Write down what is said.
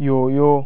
อย